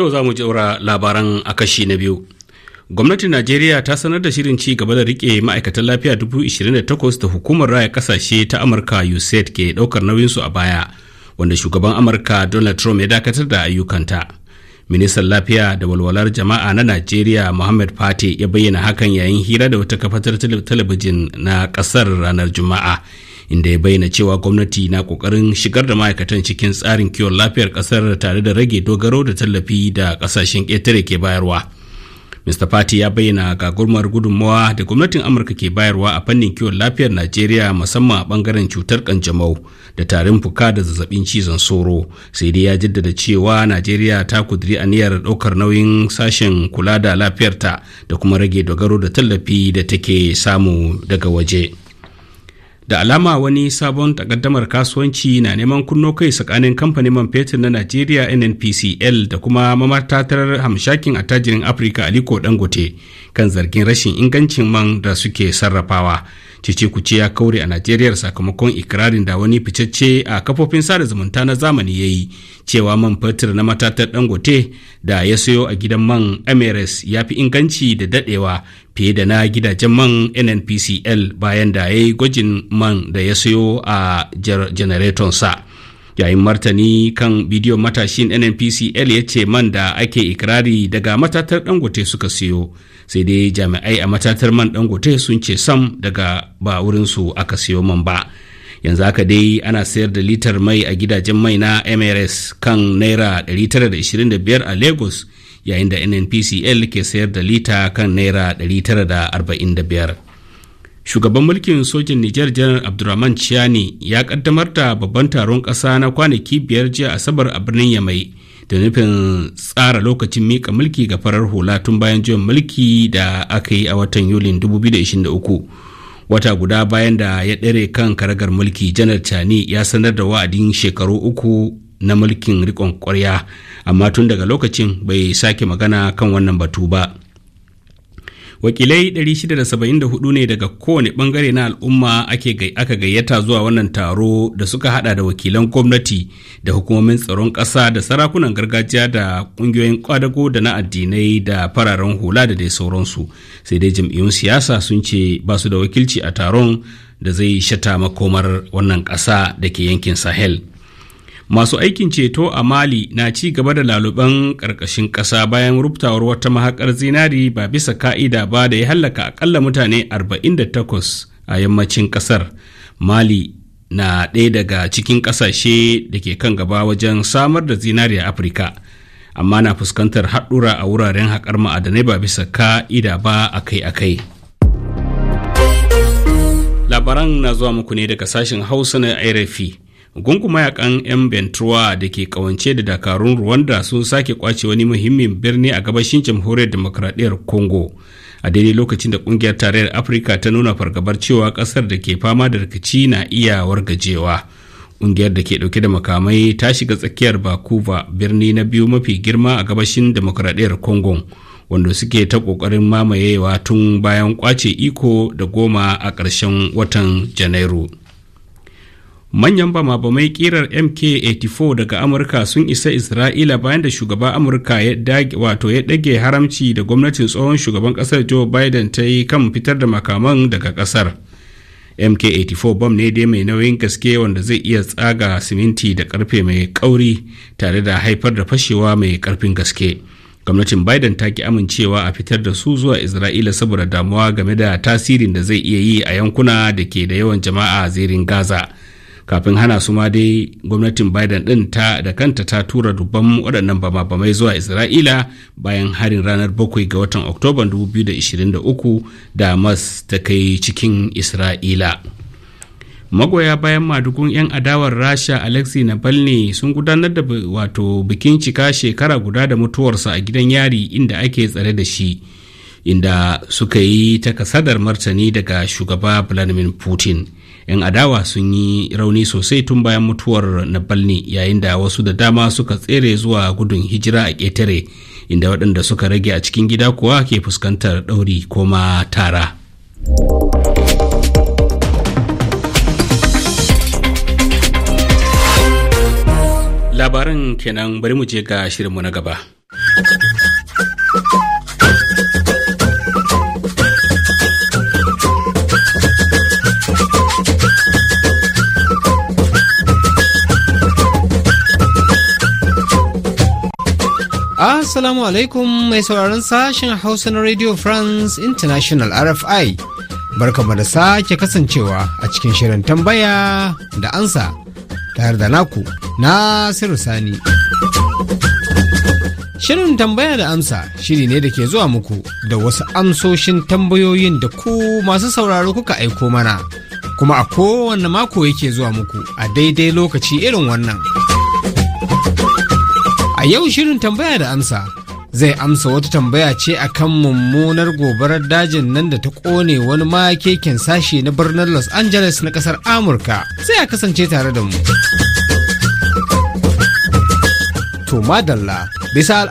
To za mu jaura labaran a kashi na biyu. Gwamnatin Najeriya ta sanar da shirin ci gaba da rike ma'aikatan lafiya 28,000 da hukumar raya kasashe ta Amurka USAID ke daukar nauyinsu a baya, wanda shugaban Amurka Donald Trump ya dakatar da ayyukanta. Ministan lafiya da walwalar jama'a na Najeriya Muhammad Fati ya bayyana hakan yayin hira da wata kafatar talabijin na kasar ranar Juma'a. inda ya bayyana cewa gwamnati na kokarin shigar da ma'aikatan cikin tsarin kiwon lafiyar kasar tare da rage dogaro da tallafi da kasashen ƙetare ke bayarwa mr fati ya bayyana ga gagurmar gudunmawa da gwamnatin amurka ke bayarwa a fannin kiwon lafiyar najeriya musamman a bangaren cutar kanjamau da tarin fuka da zazzabin cizon sauro sai dai ya jaddada cewa najeriya ta kudiri aniyar ɗaukar nauyin sashen kula da lafiyarta da kuma rage dogaro da tallafi da take samu daga waje. da alama wani sabon takaddamar kasuwanci na neman kunno kai tsakanin kamfanin man fetur na najeriya nnpcl da kuma mamartatar hamshakin attajirin afirka aliko dangote kan zargin rashin ingancin man da suke sarrafawa cece kuce ya kaure a najeriya sakamakon ikirarin da wani ficacce a kafofin sada zumunta na zamani ya yi cewa man fetur na matatar dangote da ya sayo a gidan man emirates ya fi inganci da dadewa fiye da na gidajen man nnpcl bayan da ya yi gwajin man da ya sayo a sa yayin martani kan bidiyo matashin nnpcl ya ce man da ake ikirari daga matatar dangote suka siyo sai dai jami'ai a matatar man dangote sun ce sam daga ba wurinsu aka siyo man ba yanzu haka dai ana sayar da litar mai a gidajen mai na mrs kan naira 925 a lagos yayin da nnpcl ke sayar da lita kan naira 945 shugaban mulkin sojin nijar janar abdulrahman chiani ya kaddamar da babban taron ƙasa na kwanaki biyar jiya asabar a birnin yamai da nufin tsara lokacin mika mulki ga farar hula tun bayan juyin mulki da aka yi a watan yulin 2023 wata guda bayan da ya ɗare kan karagar mulki janar cani ya sanar da wa'adin shekaru uku na mulkin rikon kwarya amma tun daga lokacin bai sake magana kan wannan batu ba wakilai 674 ne daga kowane bangare na al'umma aka gayyata zuwa wannan taro da suka hada da wakilan gwamnati da hukumomin tsaron ƙasa da sarakunan gargajiya da ƙungiyoyin kwadago da na addinai da fararen hula da dai sauransu sai dai jam'iyyun siyasa sun ce ba su da wakilci a taron da zai shata makomar wannan ƙasa da ke yankin sahel masu aikin ceto a mali na ci gaba da laluban ƙarƙashin ƙasa bayan rubtawar wata mahaƙar zinari ba bisa ka'ida ba da ya hallaka akalla mutane 48 a yammacin ƙasar mali na ɗaya daga cikin ƙasashe da ke kan gaba wajen samar da zinari a afirka amma na fuskantar haɗura a wuraren haƙar ma'adanai ba bisa ka'ida ba akai-akai labaran na zuwa muku ne daga sashen hausa na rfi gungu mayakan 'yan bentrowa da ke kawance da dakarun rwanda sun sake kwace wani muhimmin birni a gabashin jamhuriyar demokradiyyar congo a daidai lokacin da kungiyar tarayyar afirka ta nuna fargabar cewa kasar da ke fama da rikici na iya wargajewa kungiyar da ke dauke da makamai ta shiga tsakiyar bakuba birni na biyu mafi girma a gabashin demokradiyyar congo wanda suke ta kokarin mamayewa tun bayan kwace iko da goma a ƙarshen watan janairu manyan bama-bamai kirar mk-84 daga amurka sun isa isra'ila bayan da shugaban amurka ya wato ya dage haramci da gwamnatin tsohon shugaban kasar joe biden ta yi kan fitar da makaman daga kasar mk-84 bom ne dai mai nauyin gaske wanda zai iya tsaga siminti da karfe mai kauri tare da haifar da fashewa mai karfin gaske gwamnatin biden ta ki amincewa a fitar da su zuwa isra'ila saboda damuwa game da tasirin da zai iya yi a yankuna da ke da yawan jama'a a zirin gaza kafin hana su ma dai gwamnatin biden din ta da kanta ta tura dubban waɗannan bama-bamai zuwa isra'ila bayan harin ranar 7 ga watan oktoba 2023 da mas ta kai cikin isra'ila magoya bayan madugun 'yan adawar rasha alexi na navalny sun gudanar da wato bikin cika shekara guda da mutuwarsa a gidan yari inda ake tsare da shi inda suka yi ta kasadar martani daga shugaba vladimir putin 'yan adawa sun yi rauni sosai tun bayan mutuwar nabalni yayin da wasu da dama suka tsere zuwa gudun hijira a ƙetare inda waɗanda suka rage a cikin gida kuwa ke fuskantar ɗauri ko ma tara labaran kenan bari mu je ga shirinmu na gaba Assalamu alaikum mai sauraron sashen Hausa na Radio France International RFI. Barka da sake kasancewa a cikin shirin tambaya da ansa tare da naku Nasiru Sani. Shirin tambaya da amsa shiri ne da ke zuwa muku da wasu amsoshin tambayoyin da ku masu sauraro kuka aiko mana, kuma a kowane mako yake zuwa muku a daidai lokaci irin wannan. A yau shirin tambaya da amsa zai amsa wata tambaya ce akan mummunar gobarar dajin nan da ta kone wani ma sashi na birnin Los Angeles na kasar Amurka sai a kasance tare da mu. To madalla bisa